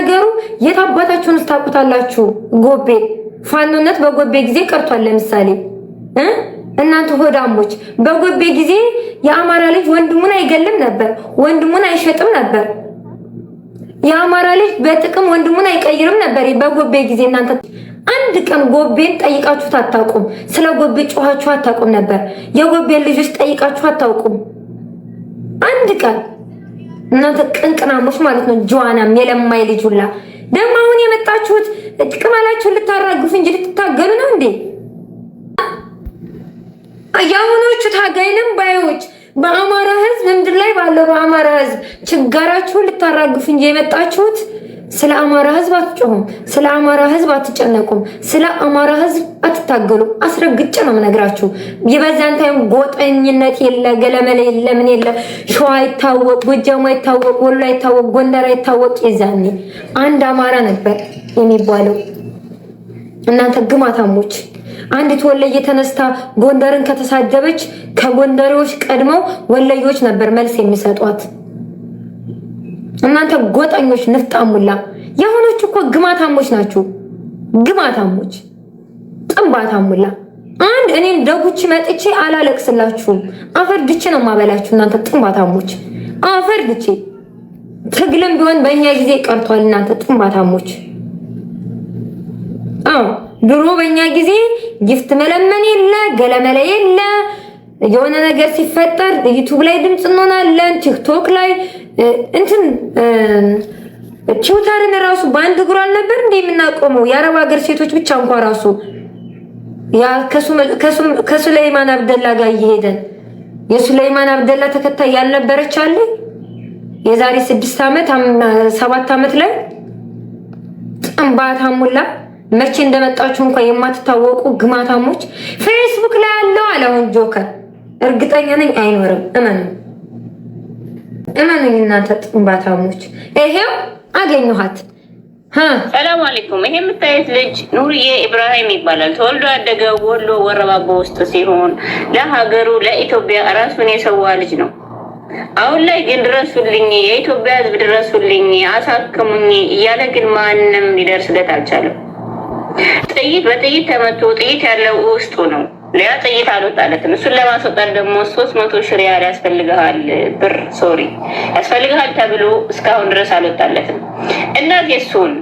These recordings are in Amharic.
ለነገሩ የት አባታችሁን ውስጥ ጎቤ ፋኖነት በጎቤ ጊዜ ቀርቷል። ለምሳሌ እናንተ ሆዳሞች በጎቤ ጊዜ የአማራ ልጅ ወንድሙን አይገልም ነበር፣ ወንድሙን አይሸጥም ነበር። የአማራ ልጅ በጥቅም ወንድሙን አይቀይርም ነበር በጎቤ ጊዜ። እናንተ አንድ ቀን ጎቤን ጠይቃችሁት አታውቁም። ስለ ጎቤ ጮኋችሁ አታውቁም ነበር። የጎቤን ልጆች ጠይቃችሁ አታውቁም አንድ ቀን እናንተ ቅንቅናሞች ማለት ነው። ጆዋናም የለማይ ልጅ ሁላ ደግሞ አሁን የመጣችሁት ቅማላችሁን ልታራግፉ እንጂ ልትታገሉ ነው እንዴ? የአሁኖቹ ታጋይንም ባዮች በአማራ ህዝብ ምድር ላይ ባለው በአማራ ህዝብ ችጋራችሁን ልታራግፉ እንጂ የመጣችሁት ስለ አማራ ህዝብ አትጮሁም። ስለ አማራ ህዝብ አትጨነቁም። ስለ አማራ ህዝብ አትታገሉም። አስረግጬ ነው የምነግራችሁ። የበዛን ታይም ጎጠኝነት የለ፣ ገለመለ የለ፣ ምን የለ። ሸዋ አይታወቅ፣ ጎጃሙ አይታወቅ፣ ወሎ አይታወቅ፣ ጎንደር አይታወቅ። የዛኔ አንድ አማራ ነበር የሚባለው። እናንተ ግማታሞች አንዲት ወለየ ተነስታ ጎንደርን ከተሳደበች ከጎንደሬዎች ቀድመው ወለዮች ነበር መልስ የሚሰጧት። እናንተ ጎጠኞች ንፍጣሙላ የሆኖች እኮ ግማታሞች ናችሁ። ግማታሞች ጥንባታሙላ አንድ እኔን ደጉች መጥቼ አላለቅስላችሁም። አፈር ድቼ ነው ማበላችሁ። እናንተ ጥንባታሞች አፈር ድቼ ትግልም ቢሆን በእኛ ጊዜ ቀርቷል። እናንተ ጥንባታሞች አዎ ድሮ በእኛ ጊዜ ጊፍት መለመን የለ ገለመለ የለ የሆነ ነገር ሲፈጠር ዩቱብ ላይ ድምፅ እንሆናለን፣ ቲክቶክ ላይ እንትን ቲውተርን ራሱ በአንድ እግሩ አልነበር እንደ የምናቆመው የአረብ ሀገር ሴቶች ብቻ እንኳ ራሱ ከሱለይማን አብደላ ጋር እየሄደን የሱለይማን አብደላ ተከታይ ያልነበረች አለ የዛሬ ስድስት ዓመት ሰባት ዓመት ላይ ጥንባት ሙላ መቼ እንደመጣችሁ እንኳ የማትታወቁ ግማታሞች ፌስቡክ ላይ ያለው አለ አሁን ጆከር እርግጠኛ ነኝ አይኖርም። እመኑ እመኑኝ እናንተ ጥንባታሞች። ይሄው አገኘኋት። ሰላም አለይኩም። ይሄ የምታየት ልጅ ኑርዬ ኢብራሂም ይባላል። ተወልዶ ያደገው ወሎ ወረባቦ ውስጥ ሲሆን ለሀገሩ ለኢትዮጵያ ራሱን የሰዋ ልጅ ነው። አሁን ላይ ግን ድረሱልኝ፣ የኢትዮጵያ ሕዝብ ድረሱልኝ፣ አሳክሙኝ እያለ ግን ማንም ሊደርስለት አልቻለም። ጥይት በጥይት ተመቶ ጥይት ያለው ውስጡ ነው። ሌላ ጥይት አልወጣለትም። እሱን ለማስወጣት ደግሞ ሶስት መቶ ሺህ ሪያል ያስፈልግሃል ብር ሶሪ ያስፈልግሃል ተብሎ እስካሁን ድረስ አልወጣለትም። እናት የሱን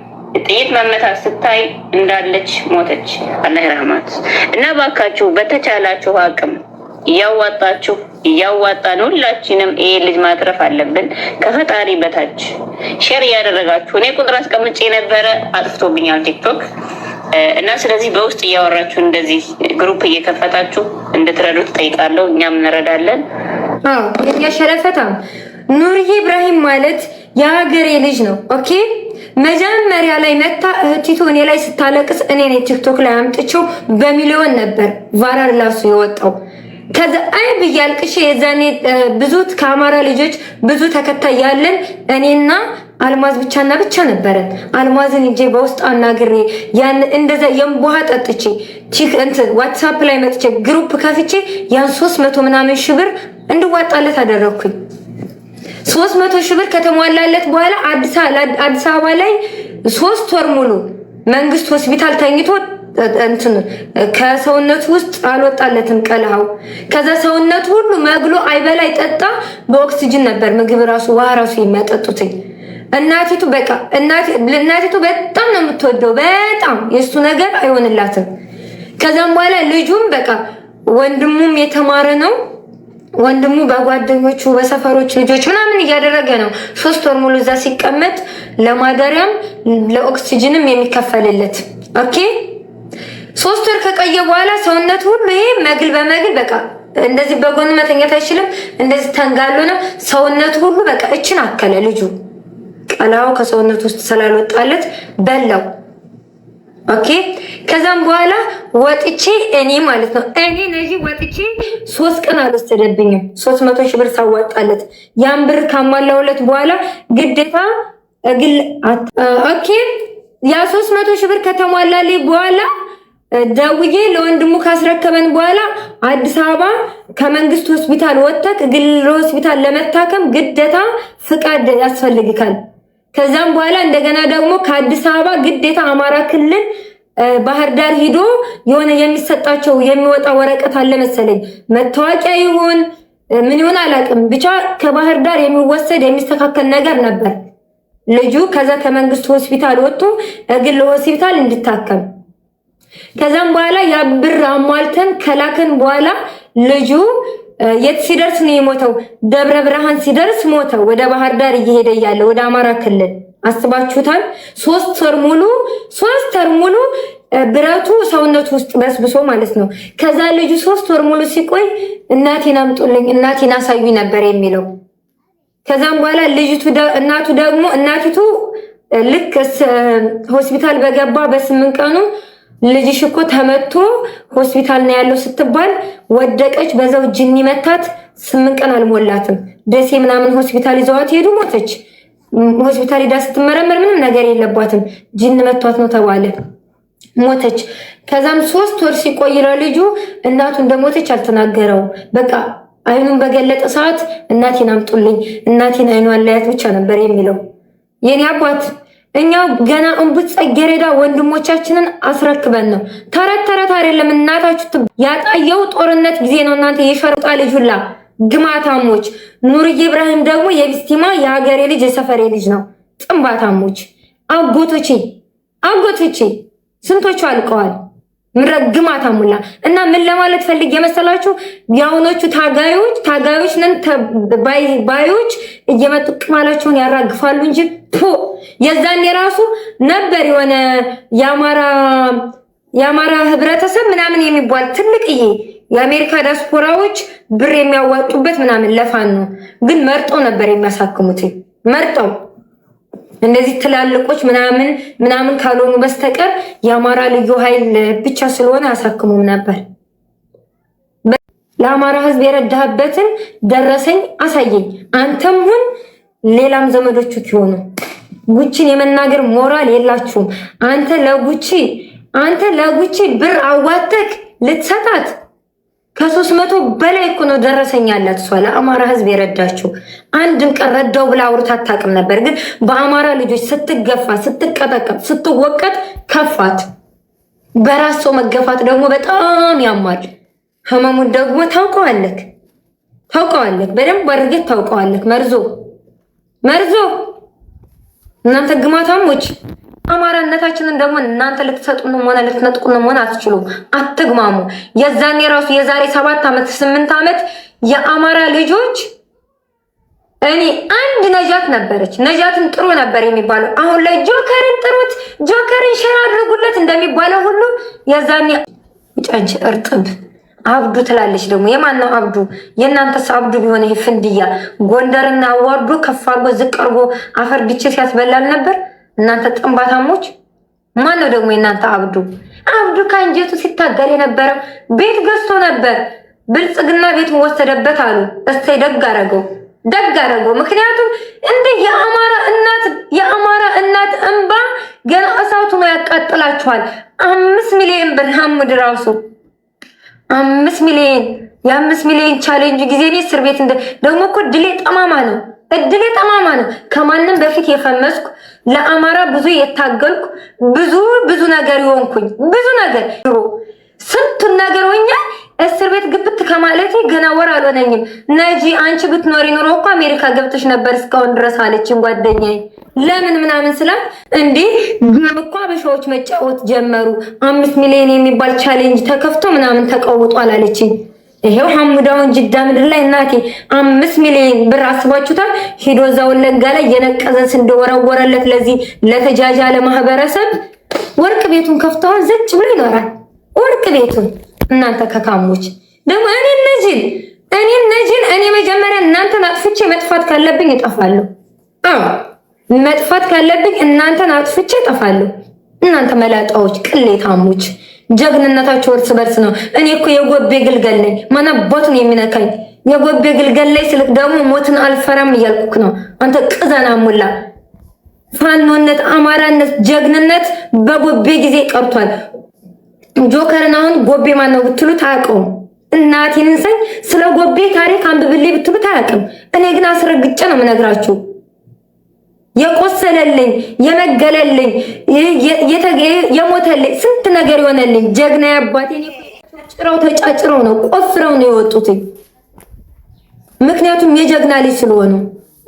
ጥይት መመታት ስታይ እንዳለች ሞተች። አላህ ረህማት እና ባካችሁ በተቻላችሁ አቅም እያዋጣችሁ እያዋጣን ሁላችንም ይሄ ልጅ ማትረፍ አለብን። ከፈጣሪ በታች ሼር እያደረጋችሁ እኔ ቁጥር አስቀምጬ ነበረ አጥፍቶብኛል ቲክቶክ እና ስለዚህ በውስጥ እያወራችሁ እንደዚህ ግሩፕ እየከፈታችሁ እንድትረዱት ጠይቃለሁ። እኛም እንረዳለን። የኛ ኑር ኑርዬ ኢብራሂም ማለት የሀገሬ ልጅ ነው። ኦኬ መጀመሪያ ላይ መታ እህቲቱ እኔ ላይ ስታለቅስ እኔ ነኝ ቲክቶክ ላይ አምጥቼው በሚሊዮን ነበር ቫራር ላሱ የወጣው። ከዛ አይ ብያልቅሽ የዛኔ ብዙ ከአማራ ልጆች ብዙ ተከታይ ያለን እኔና አልማዝ ብቻና ብቻ ነበረን። አልማዝን እጄ በውስጥ አናግሬ ያን እንደዛ የምቧሃ ጠጥቼ ዋትሳፕ ላይ መጥቼ ግሩፕ ከፍቼ ያን ሶስት መቶ ምናምን ሺህ ብር እንድዋጣለት አደረግኩኝ። ሶስት መቶ ሺህ ብር ከተሟላለት በኋላ አዲስ አበባ ላይ ሶስት ወር ሙሉ መንግስት ሆስፒታል ተኝቶ እንትን ከሰውነቱ ውስጥ አልወጣለትም ቀልሃው። ከዛ ሰውነቱ ሁሉ መግሎ አይበላ አይጠጣ፣ በኦክሲጅን ነበር ምግብ ራሱ ውሃ ራሱ የሚያጠጡትኝ እናቲቱ በቃ እናቲቱ በጣም ነው የምትወደው። በጣም የእሱ ነገር አይሆንላትም። ከዛም በኋላ ልጁም በቃ ወንድሙም የተማረ ነው። ወንድሙ በጓደኞቹ በሰፈሮች ልጆች ምናምን እያደረገ ነው። ሶስት ወር ሙሉ እዛ ሲቀመጥ ለማደሪያም ለኦክሲጅንም የሚከፈልለት ኦኬ። ሶስት ወር ከቀየ በኋላ ሰውነት ሁሉ ይሄ መግል በመግል በቃ እንደዚህ በጎን መተኛት አይችልም። እንደዚህ ተንጋሎ ነው ሰውነቱ ሁሉ በቃ እችን አከለ ልጁ ጠናው ከሰውነት ውስጥ ስላልወጣለት በላው። ኦኬ ከዛም በኋላ ወጥቼ እኔ ማለት ነው እኔ ነዚህ ወጥቼ ሶስት ቀን አልወሰደብኝም። ሶስት መቶ ሺህ ብር ሳዋጣለት ያን ብር ካሟላውለት በኋላ ግዴታ እግል ኦኬ ያ ሶስት መቶ ሺህ ብር ከተሟላልኝ በኋላ ደውዬ ለወንድሙ ካስረከበን በኋላ አዲስ አበባ ከመንግስት ሆስፒታል ወጥተክ ግል ሆስፒታል ለመታከም ግዴታ ፍቃድ ያስፈልግካል። ከዛም በኋላ እንደገና ደግሞ ከአዲስ አበባ ግዴታ አማራ ክልል ባህር ዳር ሂዶ የሆነ የሚሰጣቸው የሚወጣ ወረቀት አለ መሰለኝ፣ መታወቂያ ይሁን ምን ይሁን አላውቅም። ብቻ ከባህር ዳር የሚወሰድ የሚስተካከል ነገር ነበር። ልጁ ከዛ ከመንግስት ሆስፒታል ወጥቶ እግል ሆስፒታል እንድታከም ከዛም በኋላ ያ ብር አሟልተን ከላከን በኋላ ልጁ የት ሲደርስ ነው የሞተው? ደብረ ብርሃን ሲደርስ ሞተው። ወደ ባህር ዳር እየሄደ እያለ ወደ አማራ ክልል አስባችሁታል። ሶስት ወር ሙሉ ሶስት ወር ሙሉ ብረቱ ሰውነቱ ውስጥ በስብሶ ማለት ነው። ከዛ ልጁ ሶስት ወር ሙሉ ሲቆይ እናቴን አምጡልኝ፣ እናቴን አሳዩ ነበር የሚለው። ከዛም በኋላ ልጅቱ እናቱ ደግሞ እናቲቱ ልክ ሆስፒታል በገባ በስምንት ቀኑ ልጅሽ እኮ ተመቶ ሆስፒታል ነው ያለው ስትባል ወደቀች። በዛው ጅኒ መታት። ስምንት ቀን አልሞላትም። ደሴ ምናምን ሆስፒታል ይዘዋት ሄዱ። ሞተች። ሆስፒታል ሄዳ ስትመረመር ምንም ነገር የለባትም። ጅን መቷት ነው ተባለ። ሞተች። ከዛም ሶስት ወር ሲቆይ ልጁ እናቱ እንደሞተች አልተናገረውም። በቃ አይኑን በገለጠ ሰዓት እናቴን አምጡልኝ፣ እናቴን አይኗን ላያት ብቻ ነበር የሚለው የኔ አባት እኛው ገና እንቡት ጸጌረዳ ወንድሞቻችንን አስረክበን ነው። ተረት ተረት አይደለም። እናታችሁ ያጣየው ጦርነት ጊዜ ነው። እናንተ የሸርጣ ልጅ ግማታሞች። ኑርዬ ኢብራሂም ደግሞ የቢስቲማ የሀገሬ ልጅ የሰፈሬ ልጅ ነው። ጥንባታሞች አጎቶቼ አጎቶቼ ስንቶቹ አልቀዋል። ረግማት ሙላ እና ምን ለማለት ፈልግ የመሰላችሁ የአሁኖቹ ታጋዮች ታጋዮች ነን ባዮች እየመጡ ቅማላቸውን ያራግፋሉ እንጂ ፖ የዛን የራሱ ነበር የሆነ የአማራ ህብረተሰብ ምናምን የሚባል ትልቅዬ የአሜሪካ ዲያስፖራዎች ብር የሚያዋጡበት ምናምን ለፋን ነው። ግን መርጠው ነበር የሚያሳክሙት መርጠው እንደዚህ ትላልቆች ምናምን ምናምን ካልሆኑ በስተቀር የአማራ ልዩ ኃይል ብቻ ስለሆነ አሳክሙም ነበር። ለአማራ ህዝብ የረዳህበትን ደረሰኝ አሳየኝ። አንተም ሁን ሌላም ዘመዶቹ ሆኑ ጉቺን የመናገር ሞራል የላችሁም። አንተ ለጉቺ አንተ ለጉቺ ብር አዋተክ ልትሰጣት ከሶስት መቶ በላይ እኮ ነው ደረሰኝ ያላት እሷ ለአማራ ህዝብ የረዳችው አንድም ቀን ረዳው ብላ አውርታ አታውቅም ነበር። ግን በአማራ ልጆች ስትገፋ፣ ስትቀጠቀጥ፣ ስትወቀጥ ከፋት። በራስ ሰው መገፋት ደግሞ በጣም ያማል። ህመሙን ደግሞ ታውቀዋለክ ታውቀዋለክ በደንብ አድርገህ ታውቀዋለክ። መርዞ መርዞ እናንተ ግማታሞች አማራነታችንን ደግሞ እናንተ ልትሰጡንም ሆነ ልትነጥቁንም ሆነ አትችሉም። አትግማሙ። የዛኔ ራሱ የዛሬ ሰባት ዓመት ስምንት ዓመት የአማራ ልጆች እኔ አንድ ነጃት ነበረች። ነጃትን ጥሩ ነበር የሚባለው። አሁን ላይ ጆከርን ጥሩት፣ ጆከርን ሸር አድርጉለት እንደሚባለው ሁሉ የዛኔ ጨንች እርጥብ አብዱ ትላለች። ደግሞ የማነው አብዱ? የእናንተስ አብዱ ቢሆን ይህ ፍንድያ ጎንደርና አዋርዶ ከፍ አርጎ ዝቅ አርጎ አፈር ድቼ ሲያስበላል ነበር። እናንተ ጥንባታሞች። ማን ነው ደግሞ የእናንተ አብዱ? አብዱ ከእንጀቱ ሲታገል የነበረ ቤት ገዝቶ ነበር። ብልጽግና ቤቱን ወሰደበት አሉ። እሰይ ደግ አረገው ደግ አረገው። ምክንያቱም እንደ የአማራ እናት የአማራ እናት እንባ ገና እሳቱ ነው ያቃጥላችኋል። አምስት ሚሊዮን ብር ሐምድ ራሱ አምስት ሚሊዮን የአምስት ሚሊዮን ቻሌንጅ ጊዜ እኔ እስር ቤት እንደ ደግሞ እኮ ድሌ ጠማማ ነው። እድሌ ጠማማ ነው። ከማንም በፊት የፈመስኩ ለአማራ ብዙ የታገልኩ ብዙ ብዙ ነገር የሆንኩኝ ብዙ ነገር ድሮ ስንቱን ነገር ሆኛ እስር ቤት ግብት ከማለቴ ገና ወር አልሆነኝም። ነጂ አንቺ ብትኖሪ ኖሮ እኮ አሜሪካ ገብተሽ ነበር እስካሁን ድረስ አለችኝ ጓደኛዬ። ለምን ምናምን ስላት እንዴ ግም እኮ አበሻዎች መጫወት ጀመሩ፣ አምስት ሚሊዮን የሚባል ቻሌንጅ ተከፍቶ ምናምን ተቀውጧል አለችኝ። ይሄው ሐሙዳውን ጅዳ ምድር ላይ እናቴ አምስት ሚሊዮን ብር አስባችሁታል። ሄዶ እዛ ወለጋ ላይ የነቀዘ ስንዴ ወረወረለት። ለዚህ ለተጃጃ ለማህበረሰብ ወርቅ ቤቱን ከፍተዋል። ዘጭ ብሎ ይኖራል ወርቅ ቤቱን። እናንተ ከካሞች ደግሞ እኔ ነጅል እኔ ነጅል እኔ መጀመሪያ እናንተን አጥፍቼ መጥፋት ካለብኝ እጠፋለሁ። መጥፋት ካለብኝ እናንተን አጥፍቼ እጠፋለሁ። እናንተ መላጣዎች ቅሌታሞች ጀግንነታቸው እርስ በርስ ነው። እኔ እኮ የጎቤ ግልገል ነኝ። መነቦቱን የሚነካኝ የጎቤ ግልገል ላይ ስልክ ደግሞ ሞትን አልፈራም እያልኩክ ነው። አንተ ቅዘና ሙላ ፋኖነት፣ አማራነት፣ ጀግንነት በጎቤ ጊዜ ቀርቷል። ጆከርን አሁን ጎቤ ማነው ብትሉት አያውቀውም። እናቴን እንሰኝ ስለ ጎቤ ታሪክ አንብብሌ ብትሉት አያውቅም። እኔ ግን አስረግጬ ነው የምነግራችሁ። የቆሰለልኝ የመገለልኝ የሞተልኝ ስንት ነገር የሆነልኝ ጀግና አባቴ ጭረው ተጫጭረው ነው ቆፍረው ነው የወጡት። ምክንያቱም የጀግና ልጅ ስለሆኑ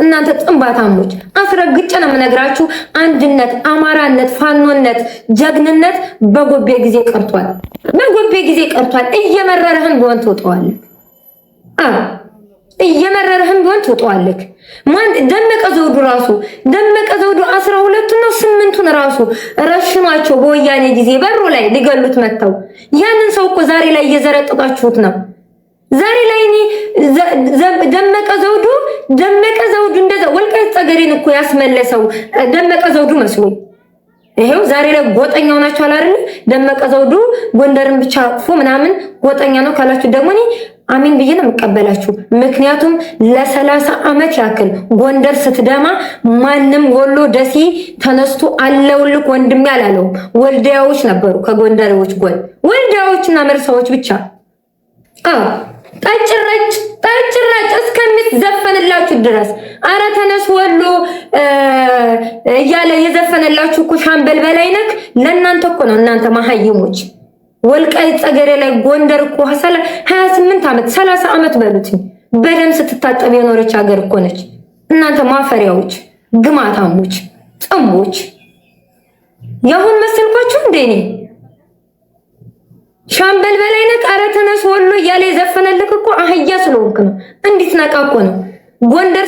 እናንተ ጥንባታሞች አስረግጬ ነው የምነግራችሁ። አንድነት፣ አማራነት፣ ፋኖነት፣ ጀግንነት በጎቤ ጊዜ ቀርቷል። በጎቤ ጊዜ ቀርቷል። እየመረረህም ቢሆን ትውጠዋለህ። እየመረረህም ቢሆን ትውጠዋለህ። ማን ደመቀ ዘውዱ ራሱ ደመቀ ዘውዱ አስራ ሁለቱና ስምንቱን ራሱ ረሽኗቸው በወያኔ ጊዜ በሩ ላይ ሊገሉት መጥተው ያንን ሰው እኮ ዛሬ ላይ እየዘረጠጣችሁት ነው። ዛሬ ላይ እኔ ደመቀ ዘውዱ ደመቀ ዘውዱ እንደዛ ወልቃይት ጠገዴን እኮ ያስመለሰው ደመቀ ዘውዱ መስሎ ይሄው ዛሬ ላይ ጎጠኛው ናቸው አይደል? ደመቀ ዘውዱ ጎንደርን ብቻ አቅፎ ምናምን ጎጠኛ ነው ካላችሁ ደግሞ እኔ አሚን ብዬ ነው የምቀበላችሁ። ምክንያቱም ለሰላሳ ዓመት ያክል ጎንደር ስትደማ ማንም ወሎ ደሴ ተነስቶ አለውልክ ወንድሜ አላለውም። ወልዲያዎች ነበሩ ከጎንደሬዎች ጎን ወልዲያዎችና መርሳዎች ብቻ ጠጭረጭ ጠጭረጭ እስከምትዘፈንላችሁ ድረስ አረ ተነስ ወሎ እያለ የዘፈነላችሁ እኮ ሻምበል በላይነክ ለእናንተ እኮ ነው እናንተ መሀይሞች ወልቃይት ጠገዴ ላይ ጎንደር እኮ 28 ስምንት ዓመት ሰላሳ ዓመት በሉትኝ በደም ስትታጠብ የኖረች ሀገር እኮ ነች። እናንተ ማፈሪያዎች፣ ግማታሞች፣ ጥሞች ያሁን መሰልኳችሁ እንዴ? እኔ ሻምበል በላይነት ኧረ ተነስ ወሎ እያለ የዘፈነልክ እኮ አህያ ስለሆንክ ነው። እንዲት ነቃ እኮ ነው ጎንደር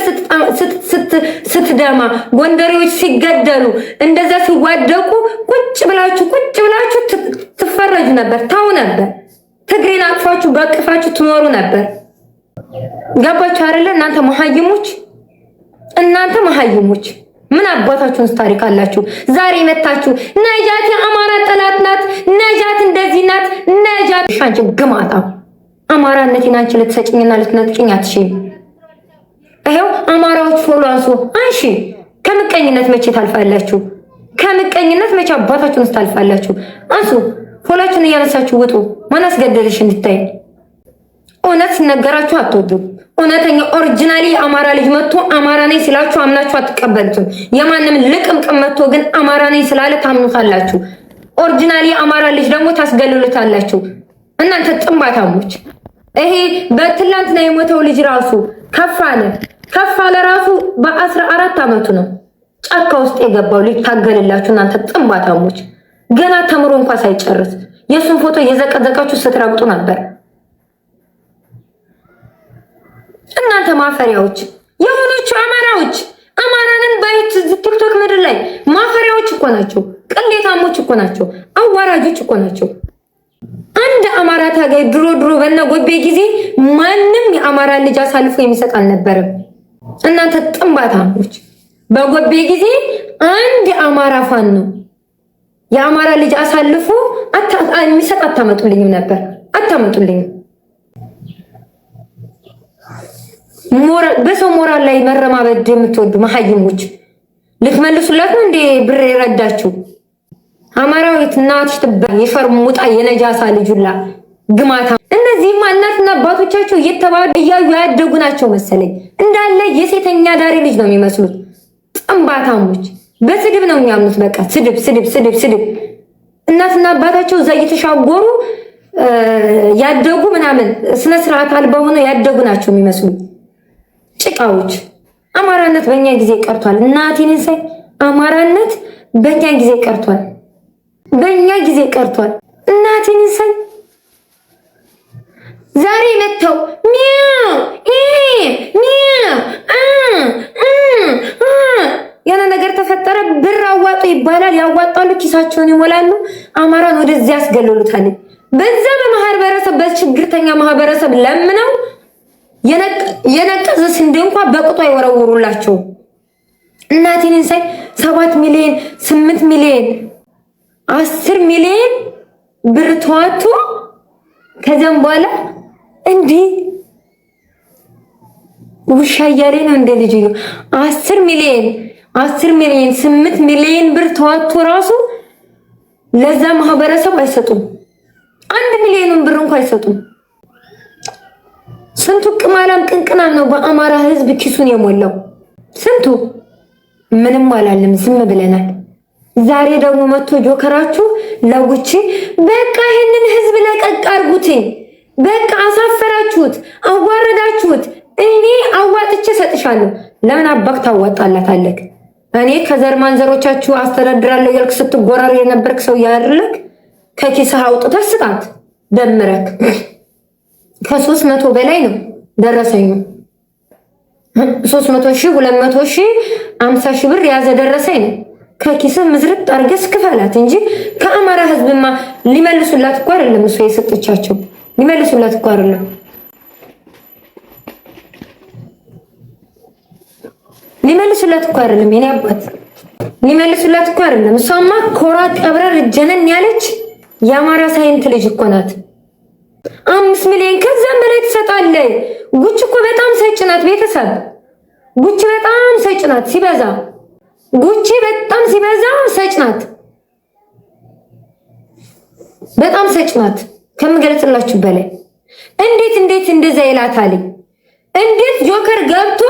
ስትደማ ጎንደሬዎች ሲገደሉ እንደዛ ሲዋደቁ ቁጭ ብላችሁ ቁጭ ብላችሁ ትሰደቡ ነበር፣ ታው ነበር፣ ትግሬን አቅፋችሁ በቅፋችሁ ትኖሩ ነበር። ገባችሁ አይደለ? እናንተ መሀይሞች፣ እናንተ መሀይሞች ምን አባታችሁን ታሪክ አላችሁ? ዛሬ መታችሁ ነጃት የአማራ ጠላት ናት፣ ነጃት እንደዚህ ናት፣ ነጃት ሻንቺ ግማታ አማራነቴን አንቺ ልትሰጭኝና ልትነጥቅኝ አትሽም። ይኸው አማራዎች ፎሎ አንሱ አንሺ። ከምቀኝነት መቼ ታልፋላችሁ? ከምቀኝነት መቼ አባታችሁን ታልፋላችሁ? አንሱ። ፎላችን እያነሳችሁ ውጡ። ማን አስገደደሽ እንድታይ? እውነት ሲነገራችሁ አትወዱም። እውነተኛ ኦሪጂናሊ የአማራ ልጅ መጥቶ አማራ ነኝ ስላችሁ አምናችሁ አትቀበሉትም። የማንም ልቅምቅም መጥቶ ግን አማራ ነኝ ስላለ ታምኑታላችሁ። ኦሪጂናሊ አማራ ልጅ ደግሞ ታስገልሉታላችሁ። እናንተ ጥንባታሞች። ይሄ በትላንትና የሞተው ልጅ ራሱ ከፍ አለ ከፍ አለ ራሱ በአስራ አራት አመቱ ነው ጫካ ውስጥ የገባው ልጅ ታገልላችሁ። እናንተ ጥንባታሞች ገና ተምሮ እንኳን ሳይጨርስ የእሱን ፎቶ የዘቀዘቃችሁ ስትረግጡ ነበር። እናንተ ማፈሪያዎች የሆነችው አማራዎች አማራንን ባዮች ቲክቶክ ምድር ላይ ማፈሪያዎች እኮ ናቸው። ቅሌታሞች እኮ ናቸው። አዋራጆች እኮ ናቸው። አንድ አማራ ታጋይ ድሮ ድሮ በና ጎቤ ጊዜ ማንም የአማራ ልጅ አሳልፎ የሚሰጥ አልነበረም። እናንተ ጥንባታሞች በጎቤ ጊዜ አንድ የአማራ ፋን ነው የአማራ ልጅ አሳልፎ የሚሰጥ አታመጡልኝም ነበር፣ አታመጡልኝም። በሰው ሞራል ላይ መረማበድ የምትወዱ መሀይሞች ልትመልሱላት ነው እንዴ? ብር የረዳችው አማራዊት እናትሽ ትባ የሸርሙጣ የነጃሳ ልጁላ ግማታ። እነዚህማ እናትና አባቶቻቸው እየተባሉ እያዩ ያደጉ ናቸው መሰለኝ። እንዳለ የሴተኛ ዳሪ ልጅ ነው የሚመስሉት ጥንባታሞች። በስድብ ነው የሚያምኑት። በቃ ስድብ ስድብ ስድብ ስድብ። እናትና አባታቸው እዛ እየተሻጎሩ ያደጉ ምናምን ስነ ስርዓት አልባ ሆነ ያደጉ ናቸው የሚመስሉ ጭቃዎች። አማራነት በእኛ ጊዜ ቀርቷል። እናቴን ሳይ አማራነት በእኛ ጊዜ ቀርቷል። በእኛ ጊዜ ቀርቷል። እናቴን ሳይ ዛሬ መጥተው ሚያው ሚያው የሆነ ነገር ተፈጠረ፣ ብር አዋጡ ይባላል። ያዋጣሉ፣ ኪሳቸውን ይሞላሉ፣ አማራን ወደዚህ ያስገለሉታል። በዛ በማህበረሰብ በችግርተኛ ማህበረሰብ ለምነው የነቀዘ ስንዴ እንኳ በቅጡ አይወረውሩላቸው። እናቴን ሳይ ሰባት ሚሊዮን ስምንት ሚሊዮን አስር ሚሊዮን ብር ተዋቶ ከዚያም በኋላ እንዲህ ውሻ እያለኝ ነው እንደ ልጅ አስር ሚሊዮን አስር ሚሊዮን ስምንት ሚሊዮን ብር ተዋቶ ራሱ ለዛ ማህበረሰብ አይሰጡም። አንድ ሚሊዮኑን ብር እንኳ አይሰጡም። ስንቱ ቅማላም ቅንቅናም ነው በአማራ ህዝብ ኪሱን የሞላው ስንቱ ምንም አላለም፣ ዝም ብለናል። ዛሬ ደግሞ መቶ ጆከራችሁ ለጉቺ በቃ ይህንን ህዝብ ለቀቅ አርጉትኝ፣ በቃ አሳፈራችሁት፣ አዋረዳችሁት። እኔ አዋጥቼ ሰጥሻለሁ። ለምን አባክ ታዋጣላታለክ? እኔ ከዘር ማንዘሮቻችሁ አስተዳድራለሁ ያልክ ስትጎራር የነበርክ ሰው ያደርልክ ከኪስህ አውጥተህ ስጣት ደምረክ ከሶስት መቶ በላይ ነው ደረሰኙ። ሶስት መቶ ሺህ ሁለት መቶ ሺህ አምሳ ሺህ ብር የያዘ ደረሰኝ ነው። ከኪስህ ምዝርጥ አርገስ ክፈላት እንጂ ከአማራ ህዝብማ ሊመልሱላት እኮ አይደለም እሱ የሰጠቻቸው ሊመልሱላት እኮ አይደለም። ሊመልሱላት እኮ አይደለም የኔ አባት ሊመልሱላት እኮ አይደለም። እሷማ ኮራ ጠብረር ጀነን ያለች የአማራ ሳይንት ልጅ እኮ ናት። አምስት ሚሊዮን ከዛም በላይ ትሰጣለች። ጉች እኮ በጣም ሰጭ ናት። ቤተሰብ ጉች በጣም ሰጭ ናት። ሲበዛ ጉቺ በጣም ሲበዛ ሰጭ ናት። በጣም ሰጭ ናት ከምገልጽላችሁ በላይ። እንዴት እንዴት እንደዛ ይላታል? እንዴት ጆከር ገብቶ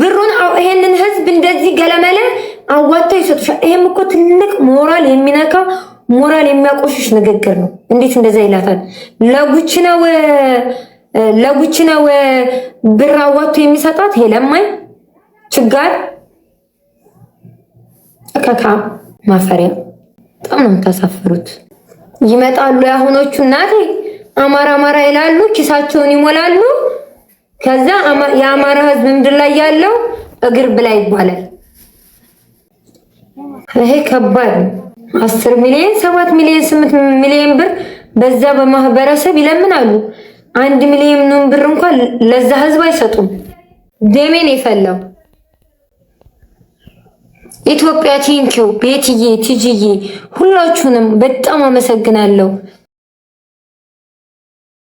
ብሩን ይሄንን ህዝብ እንደዚህ ገለመለ አዋጥተው ይሰጡሻል። ይሄም እኮ ትልቅ ሞራል የሚነካ ሞራል የሚያቆሽሽ ንግግር ነው። እንዴት እንደዛ ይላታል? ለጉች ነው ለጉች ነው ብር አዋጥቶ የሚሰጣት ሄለማይ ችጋር ከካ ማፈሪያ። በጣም ነው የምታሳፍሩት። ይመጣሉ የአሁኖቹ እናቴ አማራ አማራ ይላሉ፣ ኪሳቸውን ይሞላሉ። ከዛ የአማራ ህዝብ ምድር ላይ ያለው እግር ብላ ይባላል። ይሄ ከባድ ነው። አስር ሚሊዮን ሰባት ሚሊዮን ስምንት ሚሊዮን ብር በዛ በማህበረሰብ ይለምናሉ። አንድ ሚሊዮን ብር እንኳን ለዛ ህዝብ አይሰጡም። ደሜን የፈላው ኢትዮጵያ ቲንኪው ቤትዬ፣ ቲጂዬ ሁላችሁንም በጣም አመሰግናለሁ።